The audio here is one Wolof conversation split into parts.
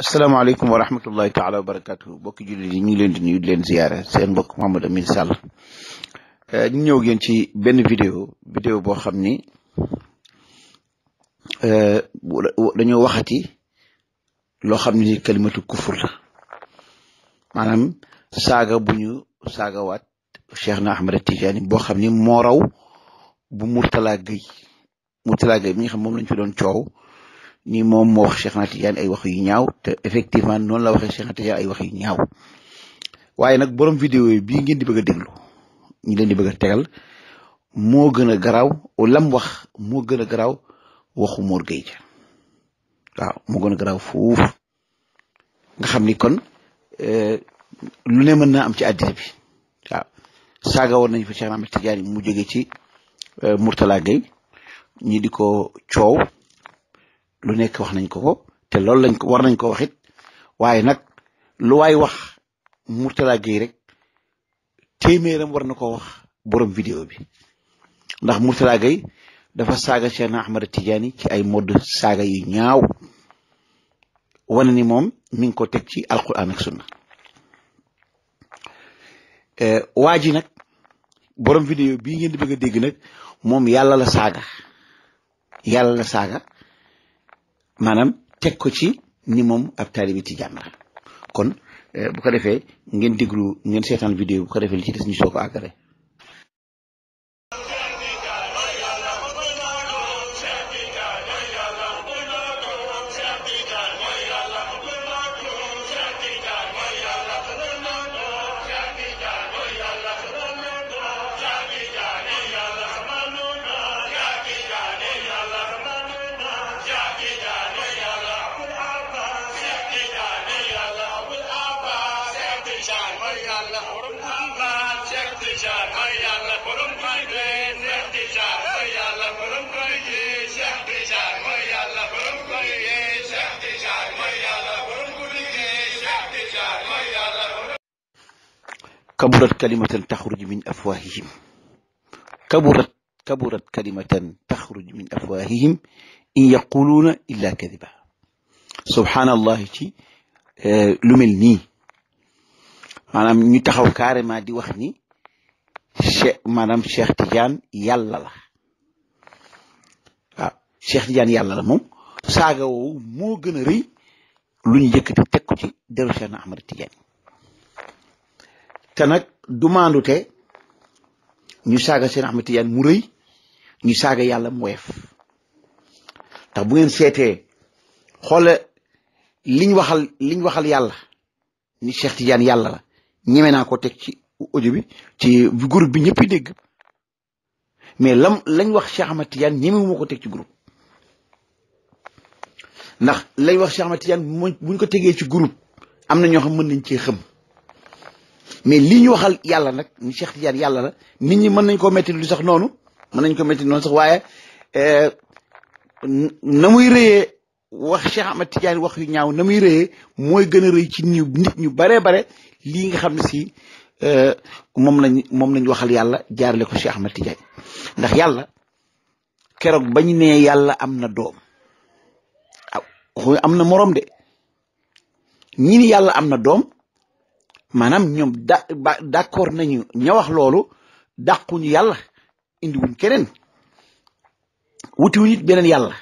السلام عليكم ورحمة الله تعالى وبركاته بوك جولي دي نيو لين نيو لين زيارة سين بوك محمد أمين سال نيو جين تي بن فيديو فيديو بو خمني دانيو واخاتي لو خمني كلمة الكفر مانام ساغا بونيو ساغا وات شيخنا أحمد التجاني بو خمني موراو بو مرتلا غي مرتلا غي مي خم موم لا نتي دون تشاو ni moom moo wax Cheikh Ahmad ay wax yu ñaaw te effectivement noonu la waxee Cheikh Ahmad Tidiane ay wax yu ñaaw waaye nag boroom vidéo yi bii ngeen di bëgg a déglu ñu leen di bëgg a tegal moo gën a garaaw lam wax moo gën a garaaw waxu Mor Gueye waaw moo gën a garaaw fuuf nga xam ni kon euh, lu ne mën na am ci àddina bi waaw saaga woon nañu fa Cheikh Ahmad Tidiane mu jóge ci euh, Mourtala Gueye ñii di ko coow lu nekk wax nañ ko ko te loolu lañ ko war nañ ko wax it waaye nag lu waay wax Mourtala Gueye rek téeméeram war na ko wax borom vidéo bi ndax Mourtala Gueye dafa saaga Cheikhna Ahmada Tidiane ci ay mod saaga yu ñaaw wane ni moom mi ngi ko teg ci alquran ak sunna eh, waa ji nag borom vidéo bii ngeen di bëgg dégg nag moom yàlla la saaga yàlla la saaga maanaam teg ko ci ni moom ab taalibi tijaan la kon eh, bu ko defee ngeen déglu ngeen seetaan vidéo bu ko defee li ci des ñu soo ko àggale كبرت كلمة تخرج من أفواههم كبرت كبرت كلمة تخرج من أفواههم إن يقولون إلا كذبا سبحان الله تي آه، لملني أنا من يتخو كارما دي وخني مانام شيخ تيجان يلا لا آه، شيخ تيجان يلا لا مم ساقو مو جنري لن يكتب تكوتي درشان عمر تيجاني te nag du maandute ñu saaga seen Ahmed Tidiane mu rëy ñu saaga yàlla mu weef ndax bu ngeen seetee xoole liñ waxal liñ waxal yàlla ni Cheikh Tidiane yàlla la ñeme naa ko teg ci audio bi ci groupe bi ñëpp dégg mais lam lañ wax Cheikh Ahmed Tidiane ñemewuma ko teg ci groupe ndax lañ wax Cheikh Ahmed buñ ko tegee ci groupe am na ñoo xam mën nañ cee xëm mais lii ñu waxal yàlla nag ñu Cheikh Tidiane yàlla la nit ñi mën nañ ko métti lu sax noonu mën nañ ko métti noonu sax waaye euh, na muy rëyee wax Cheikh Ahmad wax yu ñaaw na muy rëyee mooy gën a rëy ci ñu ñu baree bare lii nga xam ne si euh, moom lañ moom lañ waxal yàlla jaarale ko Cheikh Ahmad ndax yàlla keroog bañ nee yàlla am na doom ah am na morom de ñi ni yàlla am na doom manam ñom d'accord nañu ña wax loolu dàquñu yàlla indi indiwuñ keneen wutiwuñ it benen yàlla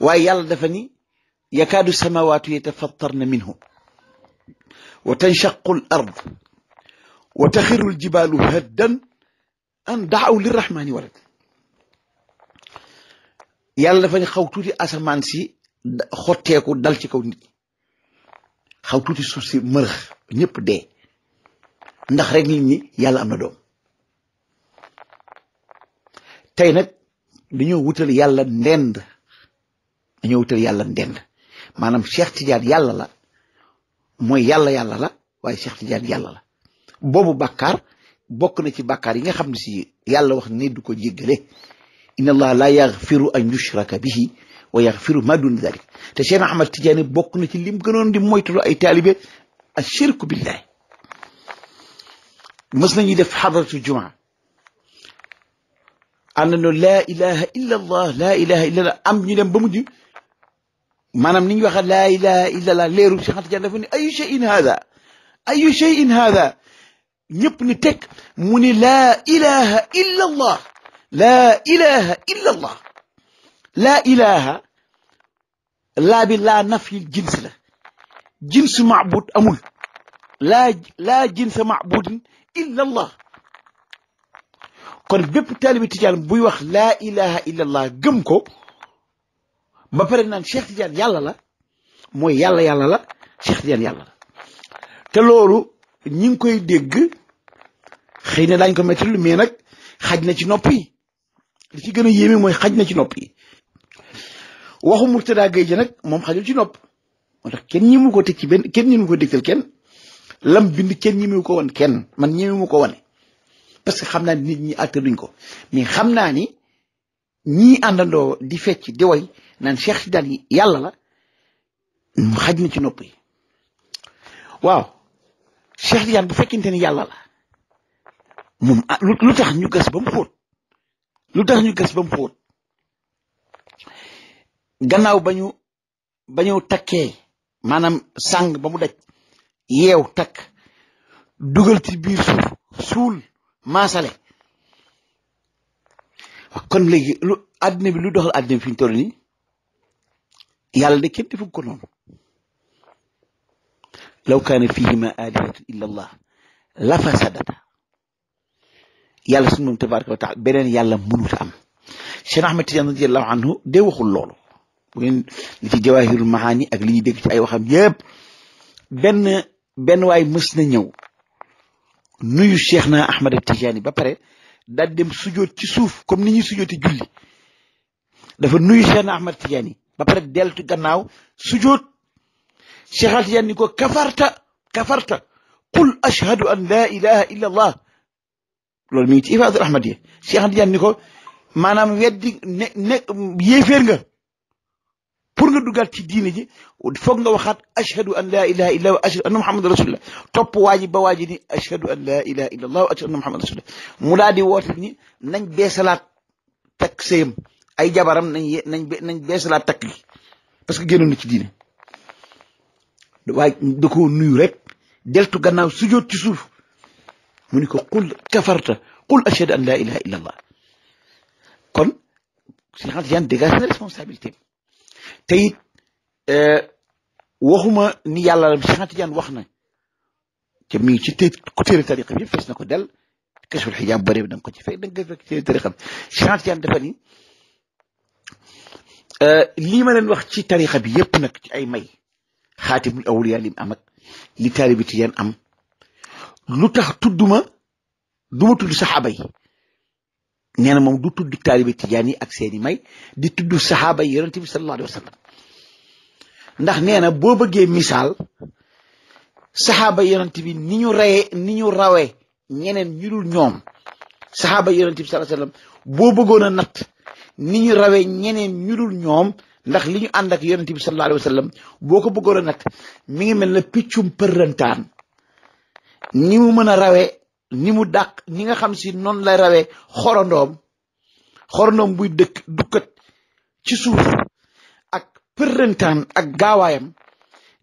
waaye yàlla dafa ni yakadu samawati yatafattarna minhu wa tanshaqu al ard wa taxiru al jibaalu haddan an daaw lirrahmaani walad yàlla dafa ni xaw tuuti asamaan si xotteeku dal ci kaw nit xaw tuuti suuf si ñëpp dee ndax rek nit ñi yàlla am na doom tey nag dañoo wutal yàlla ndend dañoo wutal yàlla ndend maanaam Cheikh Tidiane yàlla la mooy yàlla yàlla la waaye Cheikh Tidiane yàlla la boobu bàkkaar bokk na ci bàkkaar yi nga xam ne si yàlla wax ni du ko jéggale inna allah la yaghfiru an yushraka bihi wa yaghfiru ma dun dalik te Cheikh Ahmad Tidiane bokk na ci lim gënoon di moytulu ay taalibe الشرك بالله مثلا إذا في حضرة الجمعة أن لا إله إلا الله لا إله إلا الله أم نيلم بمدي ما نم نيجي لا إله إلا الله ليرو شهادة جنة أي شيء هذا أي شيء هذا نبني تك من لا إله إلا الله لا إله إلا الله لا إله لا بالله نفي الجنس له jinsi maabud amul laa laa jinsa maabudin illa allah kon bépp taalibi tijaan buy wax laa ilaha illa allah gëm ko ba pare naan cheikh tijaan yàlla la mooy yàlla yàlla la cheikh tijaan yàlla la te loolu ñi ngi koy dégg xëy na daañu ko métti lu nag xaj na ci noppi yi li ci gën a yéeme mooy xaj na ci nopp yi waxu Murtada Gueye ji nag moom xajul ci nopp motax kenn mu ko tek ci ben kenn mu ko dekkal kenn lam bind kenn mu ko won kenn man mu ko woné parce que xamna nit ñi atté duñ ko mais xamna ni ñi andando di fecc di way nan cheikh si yalla la xaj na ci nopp yi waaw cheikh tidiane bu fekkente ni yalla la moom ah, lutax ñu gess bam fot lutax ñu gess bam fot gannaaw bañu ñu takkee maanaam sàng ba mu daj yeew takk dugal ci biir suuf suul maasale kon léegi lu àddina bi lu doxal àddina bi fi ñu toll nii yàlla de kenn defu ko noonu law kaana fihima alihatu illa allah la fasadata yàlla sunu moom tabaraka wa taala beneen yàlla mënut a am Cheikh Ahmed Tidiane radiallahu anhu de waxul loolu وين لتي جواهر المعاني اك لي ديك اي وخام ييب بن بن واي مسنا نيو نويو شيخنا احمد التجاني با بري دا ديم سجود تي سوف كوم ني ني سجود تي جولي دا فا نويو شيخنا احمد التجاني با بري ديلتو غناو سجود شيخ التجاني نيكو كفرت كفرت قل اشهد ان لا اله الا الله لول ميتي افاد الرحمه دي شيخ التجاني نيكو مانام ويدي نيك يفرغا pour nga dugal ci diine ji fokk nga waxat ashhadu an la ilaha illa wa ashhadu anna muhammadar rasulullah top waji ba waji ni ashhadu an la ilaha illa allah wa ashhadu anna muhammadar rasulullah mu daal di ni nañ beesalaat tak sëyam ay jabaram nañ nañ nañ beesalaat takk gi parce que gennu na ci diine way da ko nuyu rek deltu gannaaw sujoot ci suuf mu ni ko qul kafarta qul ashhadu an la ilaha illa allah kon Cheikh yane dégage na responsabilité te it eh, waxuma ni yàlla Cheikh Tidiane wax na te mi ngi ci té ku téere tariqa bi fees na ko del kasul xijaab bi da nga ko ci fekk da nga koy fekk téere tariqa bi Cheikh eh, lii ma leen wax ci tariqa bi yépp nag ci ay may xaatimul awliya lim am ak li taalibi Tidiane am lu tax tudduma duma tudd sax abay nee na moom du tudd taalibi tijaan yi ak seeni may di tudd saxaaba yi yonente bi sallallahu alayhi wa sallam ndax nee na boo bëggee misaal saxaaba yonente bi ni ñu rayee ni ñu rawee ñeneen ñu dul ñoom saxaaba yonente bi sallallahu alayhi wa sallam boo bëggoon a ni ñu rawee ñeneen ñu dul ñoom ndax li ñu ànd ak yonente bi sallallahu alayhi boo ko bëggoon a mi ngi mel na piccum përrantaan ni mu mën a rawee ni mu dàq ñi nga xam si noonu lay rawee xorondoom xorondoom buy dëkk dukkat ci suuf ak përëntaan ak gaawaayam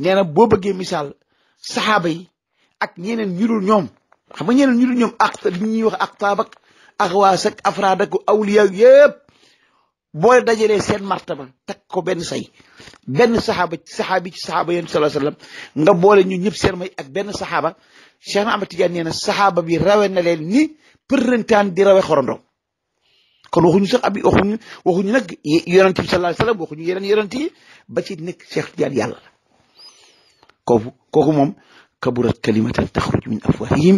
nee boo bëggee misaal saxaaba yi ak ñeneen ñu ñoom xam nga ñeneen ñu dul ñoom ak li wax ak taab ak axwaas ak afraad ak awliya yëpp boo dajalee seen martaba teg ko benn say benn saxaaba saxaabi ci saxaaba yonent sallallahu alayhi wasallam nga boole ñun ñëpp seen may ak benn saxaaba cheikh na amad tidiane nee na saxaaba bi rawe na leen ni përrentaan di rawe xorondom kon waxuñu sax abi waxuñu waxuñu nag yonent bi sallallahu alayhi wasallam waxuñu yeneen yonent yi ba ci nekk cheikh tidiane yàlla la kooku kooku moom kaburat kalimatan taxruj min afwahihim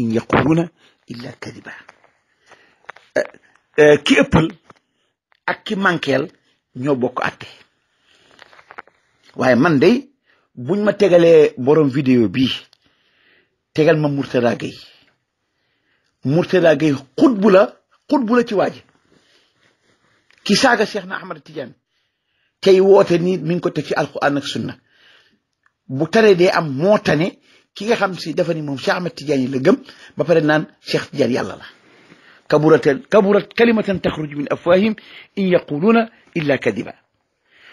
in yaquluna illa kadiba ki ëppal ak ki manqueel ñoo bokk atte waaye man de buñ ma tegalee borom vidéo bii tegal ma Mourtada Gueye Mourtada Gueye xutbu la xutbu la ci waa ji ki saaga Cheikh na Ahmad Tidiane tey woote nii mi ngi ko teg ci alquran ak sunna bu taree dee am moo ki nga xam si dafa ni moom Cheikh Ahmad Tidiane la gëm ba pare naan Cheikh Tidiane yàlla la kaburat kaburat kalimatan taxruju min afwahim in yaquluna illa kadiba